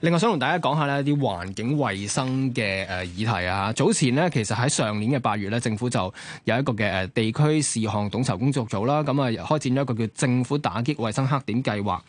另外想同大家講下呢啲環境衞生嘅誒議題啊，早前呢，其實喺上年嘅八月呢，政府就有一個嘅誒地區事項統籌工作組啦，咁啊開展咗一個叫政府打擊衞生黑點計劃，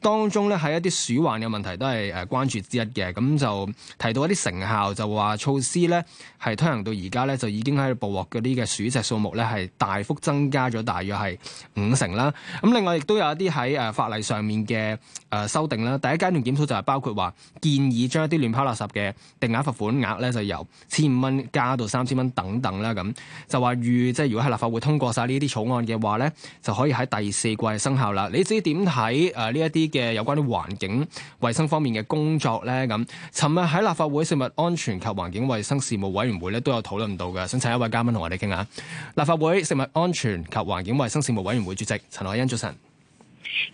當中呢，喺一啲鼠患嘅問題都係誒關注之一嘅，咁就提到一啲成效，就話措施呢係推行到而家呢，就已經喺度捕獲嗰啲嘅鼠隻數目呢，係大幅增加咗大約係五成啦。咁另外亦都有一啲喺誒法例上面嘅誒修訂啦，第一階段檢討就係包括話，建議將一啲亂拋垃圾嘅定額罰款額咧，就由千五蚊加到三千蚊等等啦。咁就話預即係如果喺立法會通過晒呢啲草案嘅話咧，就可以喺第四季生效啦。你知於點睇誒呢一啲嘅有關啲環境衛生方面嘅工作咧？咁尋日喺立法會食物安全及環境衛生事務委員會咧都有討論到嘅，想請一位嘉賓同我哋傾下。立法會食物安全及環境衛生事務委員會主席，陳凱欣，早晨。陳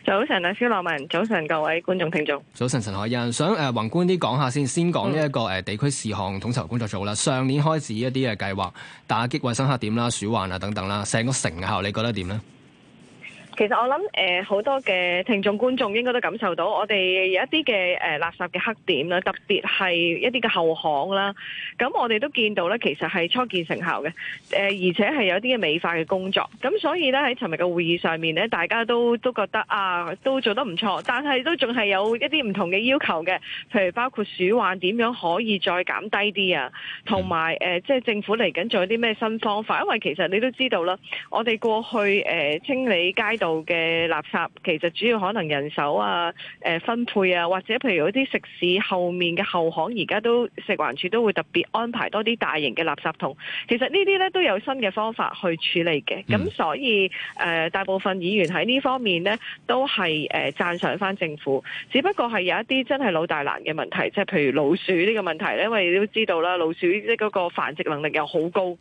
早晨啊，肖羅文，早晨各位觀眾聽眾。早晨，陳凱欣，想誒、呃、宏觀啲講下先，先講呢一個誒地區事項統籌工作組啦。上年開始一啲嘅計劃，打擊衛生黑點啦、鼠患啊等等啦，成個成效你覺得點咧？其實我諗誒好多嘅聽眾觀眾應該都感受到，我哋有一啲嘅誒垃圾嘅黑點啦，特別係一啲嘅後巷啦。咁我哋都見到咧，其實係初見成效嘅、呃。而且係有啲嘅美化嘅工作。咁所以咧喺尋日嘅會議上面咧，大家都都覺得啊，都做得唔錯，但係都仲係有一啲唔同嘅要求嘅。譬如包括鼠患點樣可以再減低啲啊，同埋誒即係政府嚟緊仲有啲咩新方法？因為其實你都知道啦，我哋過去誒、呃、清理街道。嘅垃圾，其實主要可能人手啊，誒、呃、分配啊，或者譬如啲食肆後面嘅後巷現在，而家都食環署都會特別安排多啲大型嘅垃圾桶。其實這些呢啲咧都有新嘅方法去處理嘅。咁所以誒、呃，大部分議員喺呢方面咧都係誒讚賞翻政府。只不過係有一啲真係老大難嘅問題，即係譬如老鼠呢個問題咧。我哋都知道啦，老鼠即嗰個繁殖能力又好高。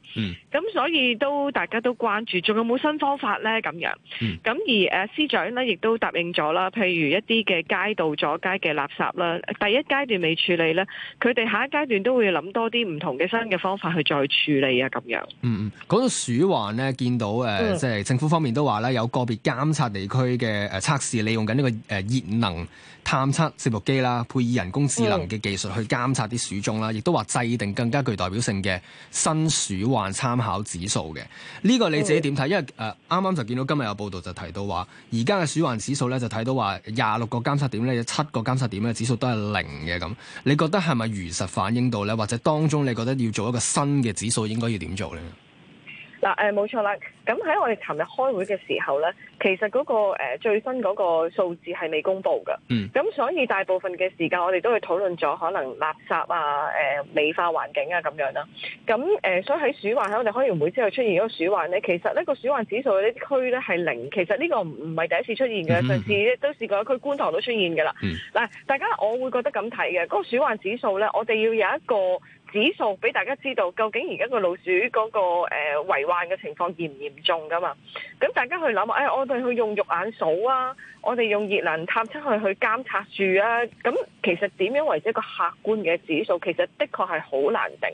咁所以都大家都關注，仲有冇新方法咧？咁樣。嗯咁而誒司長咧，亦都答應咗啦。譬如一啲嘅街道阻街嘅垃圾啦，第一階段未處理咧，佢哋下一階段都會諗多啲唔同嘅新嘅方法去再處理啊，咁樣。嗯嗯，講到鼠患咧，見到誒，即係政府方面都話咧，有個別監察地區嘅誒測試，利用緊呢個誒熱能探測攝錄機啦，配以人工智能嘅技術去監察啲鼠種啦，亦、嗯、都話制定更加具代表性嘅新鼠患參考指數嘅。呢、這個你自己點睇？嗯、因為誒啱啱就見到今日有報道就。提到話而家嘅鼠患指數咧，就睇到話廿六個監測點咧，有七個監測點嘅指數都係零嘅咁。你覺得係咪如實反映到咧，或者當中你覺得要做一個新嘅指數應該要點做咧？嗱，誒冇錯啦，咁喺我哋尋日開會嘅時候咧，其實嗰、嗰個、呃、最新嗰個數字係未公布嘅。嗯。咁所以大部分嘅時間，我哋都去討論咗可能垃圾啊、誒、呃、美化環境啊咁樣啦。咁誒、呃，所以喺鼠患喺我哋開完會之後出現嗰、嗰個鼠患咧，其實呢、呢個鼠患指數呢啲區咧係零，其實呢個唔係係第一次出現嘅，上次、嗯、都試過一區觀塘都出現㗎啦。嗱、嗯，大家我會覺得咁睇嘅，嗰、嗰個鼠患指數咧，我哋要有一個，指數俾大家知道，究竟而家個老鼠嗰、那個誒，遺、呃、患嘅情況嚴唔嚴重噶嘛？咁大家去諗啊，哎，我哋去用肉眼數啊，我哋用熱能探測去去監察住啊。咁其實點樣為之一個客觀嘅指數？其實的確係好難定。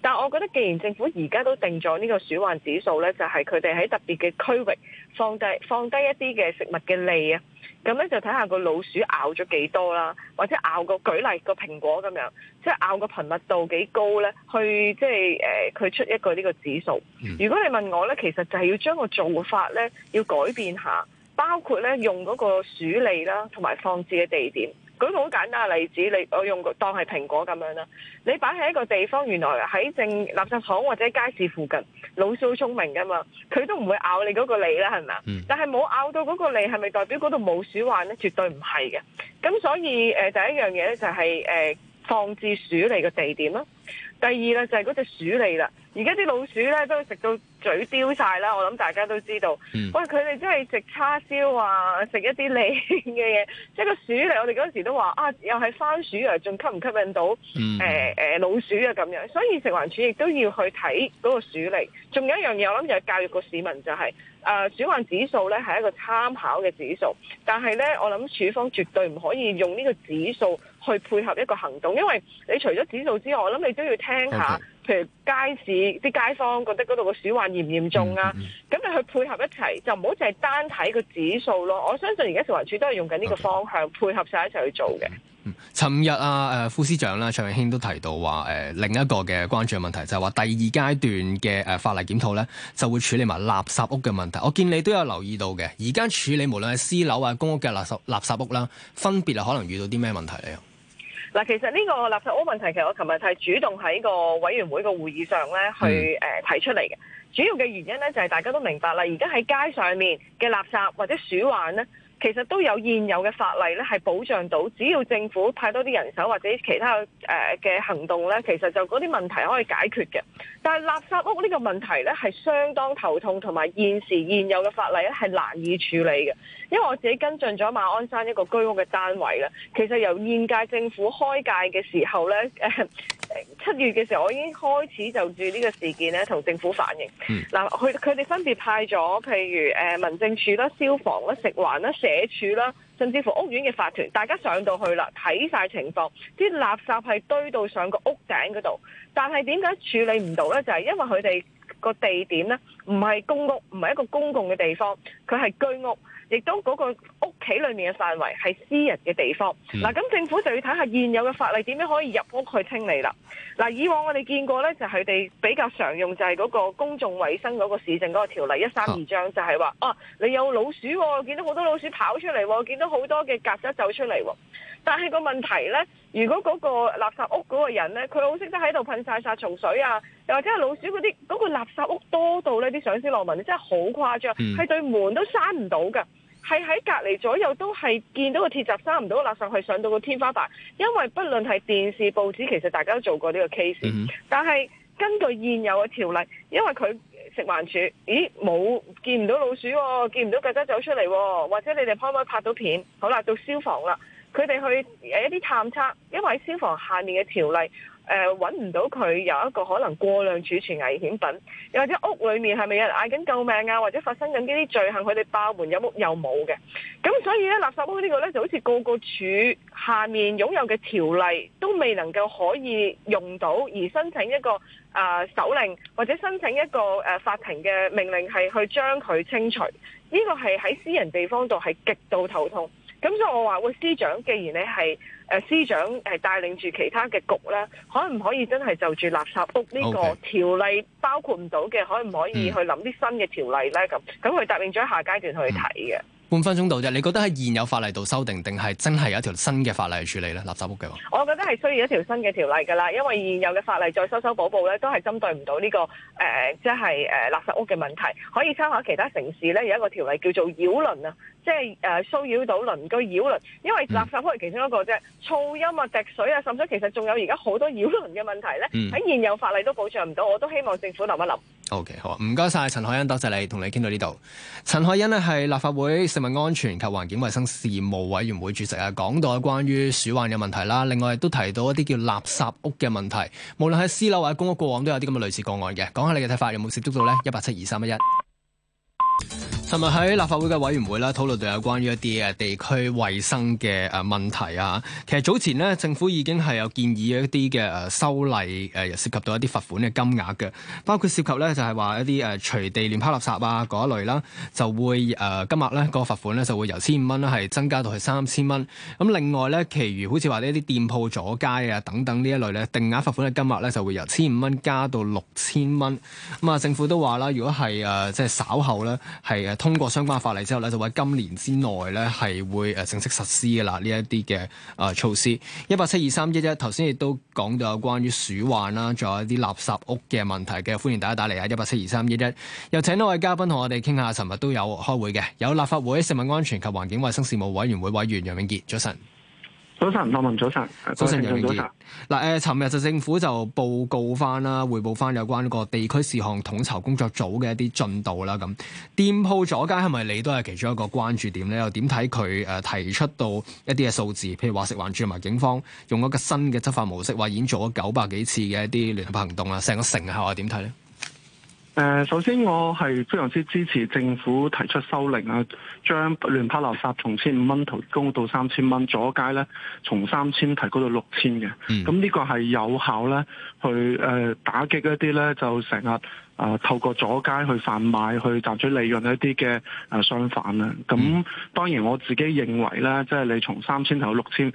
但係我覺得，既然政府而家都定咗呢個鼠患指數呢，就係佢哋喺特別嘅區域放低放低一啲嘅食物嘅利啊。咁咧就睇下個老鼠咬咗幾多啦，或者咬個舉例個蘋果咁樣，即係咬個頻密度幾高咧，去即係誒，佢、就係呃、出一個呢個指數。嗯、如果你問我咧，其實就係要將個做法咧要改變下，包括咧用嗰個鼠餌啦，同埋放置嘅地點。舉個好簡單嘅例子，你我用當係蘋果咁樣啦。你擺喺一個地方，原來喺正垃圾廠或者街市附近，老鼠好聰明㗎嘛，佢都唔會咬你嗰個脷啦，係咪？嗯、但係冇咬到嗰個脷，係咪代表嗰度冇鼠患呢？絕對唔係嘅。咁所以誒，第、呃、一樣嘢咧就係、是、誒、呃、放置鼠脷嘅地點咯。第二咧就係嗰隻鼠脷啦。而家啲老鼠咧都食到。嘴雕晒啦！我諗大家都知道，喂，佢哋真係食叉燒啊，食一啲靚嘅嘢，即 係個鼠嚟。我哋嗰時都話啊，又係番薯啊，仲吸唔吸引到誒、嗯欸欸、老鼠啊咁樣。所以食環署亦都要去睇嗰個鼠嚟。仲有一樣嘢，我諗就係教育個市民，就係誒鼠患指數咧係一個參考嘅指數，但係咧我諗署方絕對唔可以用呢個指數去配合一個行動，因為你除咗指數之外，我諗你都要聽下。譬如街市啲街坊覺得嗰度嘅鼠患嚴唔嚴重啊，咁、嗯嗯、你去配合一齊就唔好淨係單睇個指數咯。我相信而家食環署都係用緊呢個方向 Okay. 配合晒一齊去做嘅。尋、嗯嗯、日啊，誒、呃、副司長啦，卓永興都提到話誒、呃、另一個嘅關注問題就係、是、話第二階段嘅誒、呃、法例檢討咧，就會處理埋垃圾屋嘅問題。我見你都有留意到嘅，而家處理無論係私樓啊、公屋嘅垃圾垃圾屋啦，分別係可能遇到啲咩問題嚟嗱，其實呢個垃圾屋問題，其實我琴日係主動喺個委員會個會議上咧，去誒提出嚟嘅。主要嘅原因咧，就係、是、大家都明白啦，而家喺街上面嘅垃圾或者鼠患咧，其實都有現有嘅法例咧，係保障到，只要政府派多啲人手或者其他誒嘅、呃、行動咧，其實就嗰啲問題可以解決嘅。但係垃圾屋呢個問題咧，係相當頭痛，同埋現時現有嘅法例咧係難以處理嘅。因為我自己跟進咗馬鞍山一個居屋嘅單位啦，其實由現屆政府開屆嘅時候咧，誒七月嘅時候，時候我已經開始就住呢個事件咧同政府反映。嗱、嗯，佢佢哋分別派咗，譬如誒民政處啦、消防啦、食環啦、社署啦，甚至乎屋苑嘅法團，大家上到去啦，睇晒情況，啲垃圾係堆到上個屋頂嗰度，但係點解處理唔到咧？就係、是、因為佢哋個地點咧，唔係公屋，唔係一個公共嘅地方，佢係居屋。亦都嗰個屋企裏面嘅範圍係私人嘅地方，嗱咁、嗯、政府就要睇下現有嘅法例點樣可以入屋去清理啦。嗱，以往我哋見過呢，就係、是、佢哋比較常用就係嗰個公眾衞生嗰個市政嗰個條例一三二章，就係、是、話，哦、啊，你有老鼠、哦，我見到好多老鼠跑出嚟、哦，我見到好多嘅曱甴走出嚟、哦，但係個問題呢，如果嗰個垃圾屋嗰個人呢，佢好識得喺度噴晒殺蟲水啊！又或者老鼠嗰啲嗰個垃圾屋多到呢啲上司落文真係好誇張，係、嗯、對門都閂唔到㗎。係喺隔離左右都係見到個鐵閘閂唔到個垃圾去上到個天花板，因為不論係電視、報紙，其實大家都做過呢個 case、嗯、哼但係根據現有嘅條例，因為佢食環署，咦冇見唔到老鼠、哦，見唔到曱甴走出嚟、哦，或者你哋可唔可以拍到片？好啦，到消防啦，佢哋去有一啲探測，因為喺消防下面嘅條例。誒揾唔到佢有一個可能過量儲存危險品，又或者屋裏面係咪有人嗌緊救命啊，或者發生緊呢啲罪行，佢哋爆門有屋又冇嘅？咁所以咧，垃圾屋個呢個咧就好似個個處下面擁有嘅條例都未能夠可以用到，而申請一個啊手令或者申請一個、呃、法庭嘅命令係去將佢清除，呢、這個係喺私人地方度係極度頭痛。咁所以，我話：喂，司長，既然你係誒、啊、司長，係帶領住其他嘅局咧，可唔可以真係就住垃圾屋呢個條例包括唔到嘅，Okay. 可唔可以去諗啲新嘅條例咧？咁咁、嗯，佢答應咗下階段去睇嘅、嗯。半分鐘度。就你覺得喺現有法例度修訂，定係真係有一條新嘅法例嚟處理咧？垃圾屋嘅話，我覺得係需要一條新嘅條例噶啦，因為現有嘅法例再修修補補咧，都係針對唔到呢、呢個誒，即係誒垃圾屋嘅問題。可以參考其他城市咧，有一個條例叫做擾鄰啊。即係誒，騷、呃、擾到鄰居擾鄰，因為垃圾屋係其中一個啫。嗯、噪音啊、滴水啊，甚至其實仲有而家好多擾鄰嘅問題咧，喺、嗯、現有法例都保障唔到。我都希望政府諗一諗。Okay，好啊，唔該晒陳凱欣，多謝你，同你傾到呢度。陳凱欣咧係立法會食物安全及環境衛生事務委員會主席啊。講到關於鼠患嘅問題啦，另外亦都提到一啲叫垃圾屋嘅問題。無論喺私樓或者公屋過往都有啲咁嘅類似個案嘅。講下你嘅睇法，有冇接觸到呢？一八七二三一一。尋日喺立法會嘅委員會啦，討論到有關於一啲嘅地區衞生嘅誒問題啊。其實早前咧，政府已經係有建議一啲嘅誒修例，誒、呃、涉及到一啲罰款嘅金額嘅，包括涉及咧就係、是、話一啲誒隨地亂拋垃圾啊嗰一類啦，就會誒、呃、金額咧、那個罰款咧就會由千五蚊咧係增加到去三千蚊。咁另外咧，其餘好似話呢啲店鋪阻街啊等等呢一類咧，定額罰款嘅金額咧就會由千五蚊加到六千蚊。咁、嗯、啊，政府都話啦，如果係誒即係稍後咧係誒。通過相關法例之後咧，就喺今年之內咧係會誒正式實施噶啦呢一啲嘅誒措施。一八七二三一一，頭先亦都講到有關於鼠患啦，仲有一啲垃圾屋嘅問題嘅，歡迎大家打嚟啊！一八七二三一一，又請多位嘉賓同我哋傾下，尋日都有開會嘅，有立法會食物安全及環境衛生事務委員會委員楊永杰，早晨。早晨，范文早晨，早晨楊永杰。嗱上，誒見，尋日就政府就報告翻啦，彙報翻有關個地區事項統籌工作組嘅一啲進度啦。咁，店鋪阻街係咪你都係其中一個關注點咧？又點睇佢誒提出到一啲嘅數字？譬如話食環署同埋警方用一個新嘅執法模式，話已經做咗九百幾次嘅一啲聯合行動啦。成個成效係點睇咧？呃、首先我係非常之支持政府提出修訂啊，將亂拋垃圾從千五蚊提高到三千蚊，左街呢，從三千提高到六千嘅。咁呢、嗯、個係有效呢？去誒、呃、打擊一啲呢，就成日、呃、透過左街去販賣去賺取利潤一啲嘅啊商販啦。咁、呃、當然我自己認為呢，即係你從三千到六千。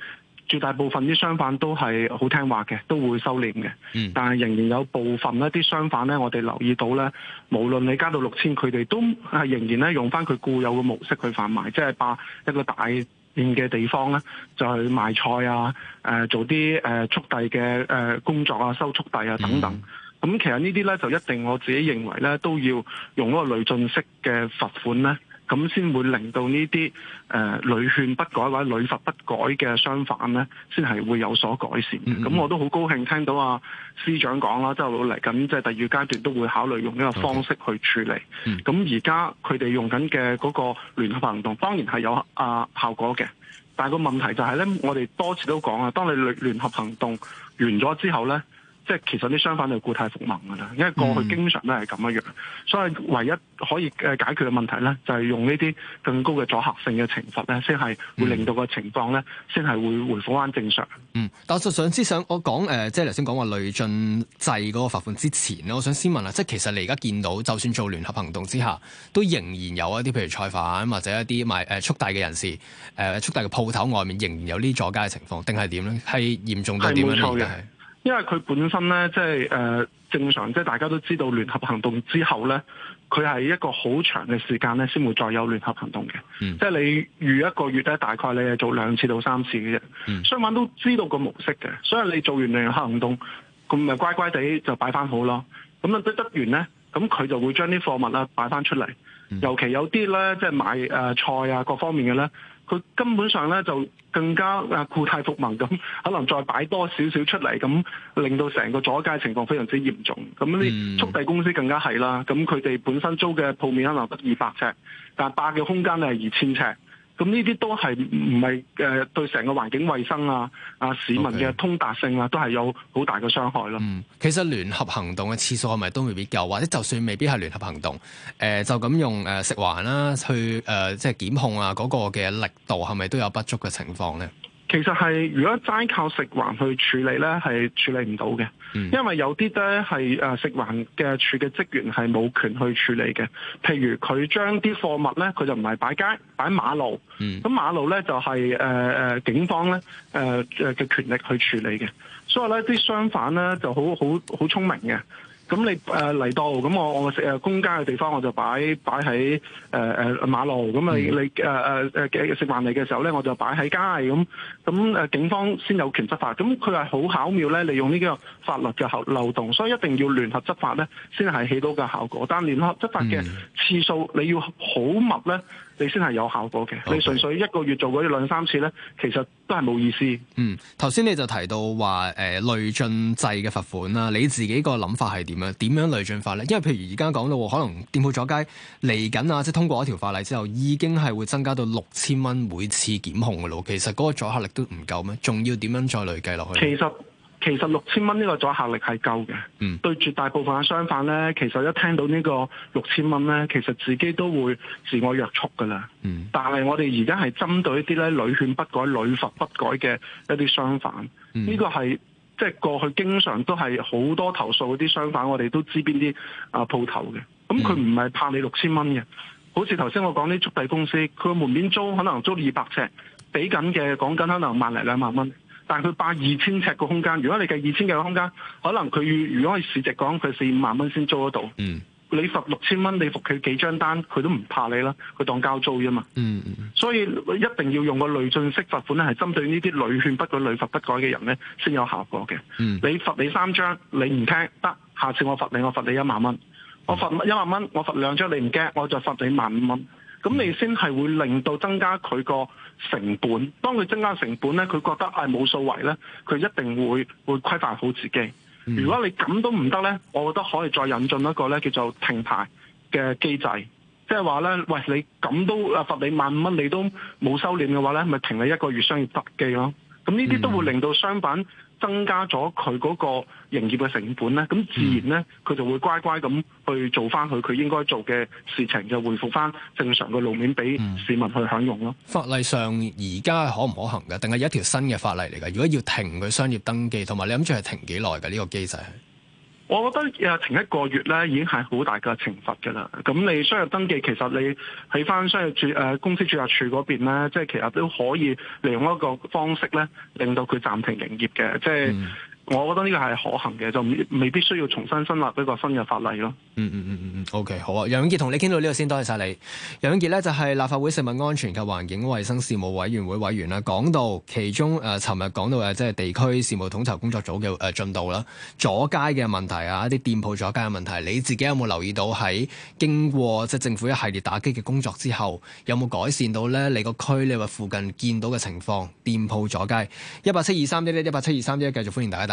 絕大部分啲商販都係好聽話嘅，都會收斂嘅。嗯，但係仍然有部分一啲商販咧，我哋留意到咧，無論你加到六千，佢哋都係仍然咧用翻佢固有嘅模式去販賣，即係霸一個大面嘅地方咧就去、係、賣菜啊，誒做啲誒速遞嘅誒工作啊，收速遞啊等等。咁、嗯、其實呢啲咧就一定我自己認為咧都要用嗰個累進式嘅罰款咧。咁先會令到呢啲誒屢勸不改或者屢罰不改嘅商販咧，先係會有所改善，咁、嗯嗯、我都好高興聽到啊司長講啦，即係落嚟緊，即係第二階段都會考慮用呢個方式去處理。咁而家佢哋用緊嘅嗰個聯合行動，當然係有啊、呃、效果嘅，但係個問題就係咧，我哋多次都講啊，當你聯聯合行動完咗之後咧。即係其實啲商販係故態復萌㗎啦，因為過去經常都係咁樣樣，嗯、所以唯一可以解決嘅問題咧，就係用呢啲更高嘅阻嚇性嘅懲罰咧，先係會令到個情況咧，先係會回復返正常。嗯，但係想之想，我講誒、呃，即係頭先講話累進制嗰個罰款之前咧，我想先問下，即係其實你而家見到，就算做聯合行動之下，都仍然有一啲譬如菜販或者一啲賣誒、呃、速遞嘅人士，誒、呃、速遞嘅鋪頭外面仍然有呢阻街嘅情況，定係點咧？係嚴重到點咧？係冇錯嘅。因為佢本身咧，即係誒正常，即係大家都知道聯合行動之後咧，佢係一個好長嘅時間咧，先會再有聯合行動嘅。嗯、即係你預一個月咧，大概你係做兩次到三次嘅啫。雙方、嗯、都知道個模式嘅，所以你做完聯合行動，咁咪乖乖地就擺翻好咯。咁啊，得得完咧，咁佢就會將啲貨物咧擺翻出嚟。尤其有啲咧，即係買誒、呃、菜啊各方面嘅咧，佢根本上咧就更加誒故態復萌。咁，可能再擺多少少出嚟，咁令到成個阻街情況非常之嚴重。咁啲速遞公司更加係啦，咁佢哋本身租嘅鋪面可能得二百尺，但霸嘅空間咧係二千尺。咁呢啲都係唔係誒對成個環境衛生啊、啊市民嘅通達性啊，都係有好大嘅傷害咯。嗯，其實聯合行動嘅次數係咪都未必夠，或者就算未必係聯合行動，誒、呃、就咁用食環啦去誒即係檢控啊嗰、嗰個嘅力度係咪都有不足嘅情況咧？其實係，如果齋靠食環去處理咧，係處理唔到嘅，因為有啲咧係誒食環嘅處嘅職員係冇權去處理嘅。譬如佢將啲貨物咧，佢就唔係擺街，擺馬路。咁、嗯、馬路咧就係、誒、誒、呃、警方咧誒嘅權力去處理嘅。所以咧啲商販咧就好好好聰明嘅。咁你誒嚟、呃、到咁，我我食公家嘅地方，我就擺擺喺誒誒馬路咁啊，你誒食飯嚟嘅時候咧，我就擺喺街，咁咁警方先有權執法。咁佢係好巧妙咧，利用呢個法律嘅流漏洞，所以一定要聯合執法咧，先係起到嘅效果。但係聯合執法嘅次數你要好密咧。嗯你先係有效果嘅，Okay. 你純粹一個月做嗰啲兩三次咧，其實都係冇意思。嗯，頭先你就提到話誒累進制嘅罰款啦，你自己個諗法係點樣？點樣累進法咧？因為譬如而家講到可能店鋪阻街嚟緊啊，即係通過一條法例之後，已經係會增加到六千蚊每次檢控嘅咯。其實嗰個阻嚇力都唔夠咩？仲要點樣再累計落去？其實其實六千蚊呢個阻嚇力係夠嘅，嗯、對絕大部分嘅商販咧，其實一聽到呢個六千蚊咧，其實自己都會自我約束噶啦。嗯、但係我哋而家係針對一啲咧屢勸不改、屢罰不改嘅一啲商販，呢、嗯、個係即係過去經常都係好多投訴嗰啲商販，我哋都知邊啲啊鋪頭嘅。咁佢唔係怕你六千蚊嘅，好似頭先我講啲速遞公司，佢個門面租可能租二百尺，俾緊嘅講緊可能，可能萬零兩萬蚊。但佢霸二千尺個空間，如果你計二千尺嘅空間，可能佢如果係市值講，佢四五萬蚊先租得到。嗯、你罰六千蚊，你服佢幾張單，佢都唔怕你啦，佢當交租啫嘛。嗯、所以一定要用個累進式罰款咧，係針對呢啲屢勸不改、屢罰不改嘅人咧，先有效果嘅。嗯、你罰你三張，你唔聽，得下次我罰你，我罰你一萬蚊。我罰一萬蚊，我罰兩張你唔驚，我就罰你萬五蚊。咁你先係會令到增加佢個成本，當佢增加成本咧，佢覺得啊冇數為咧，佢一定會會規範好自己。如果你咁都唔得咧，我覺得可以再引進一個咧叫做停牌嘅機制，即係話咧，喂你咁都罰你萬五蚊，你都冇收斂嘅話咧，咪停你一個月商業登記咯。咁呢啲都會令到商品。增加咗佢嗰個營業嘅成本咧，咁自然咧，佢、嗯、就會乖乖咁去做翻佢佢應該做嘅事情，就回復翻正常嘅路面俾市民去享用咯、嗯。法例上而家可唔可行嘅？定係有一條新嘅法例嚟㗎？如果要停佢商業登記同埋你諗住係停幾耐嘅呢個機制？我覺得誒停一個月咧，已經係好大嘅懲罰㗎啦。咁你商業登記其實你喺返商業註誒公司註冊處嗰邊咧，即係其實都可以利用一個方式咧，令到佢暫停營業嘅，即係。嗯我覺得呢個係可行嘅，就未必需要重新申立一個新嘅法例咯、嗯。嗯嗯嗯嗯 OK 好啊，楊永杰同你傾到呢度先，多謝晒你。楊永杰咧就係、是、立法會食物安全及環境衞生事務委員會委員啦，講到其中誒，尋日講到嘅即係地區事務統籌工作組嘅誒進度啦，阻街嘅問題啊，一啲店鋪阻街嘅問題，你自己有冇留意到喺經過即係政府一系列打擊嘅工作之後，有冇改善到咧？你個區你話附近見到嘅情況，店鋪阻街，一八七二三一咧，一八七二三一，繼續歡迎大家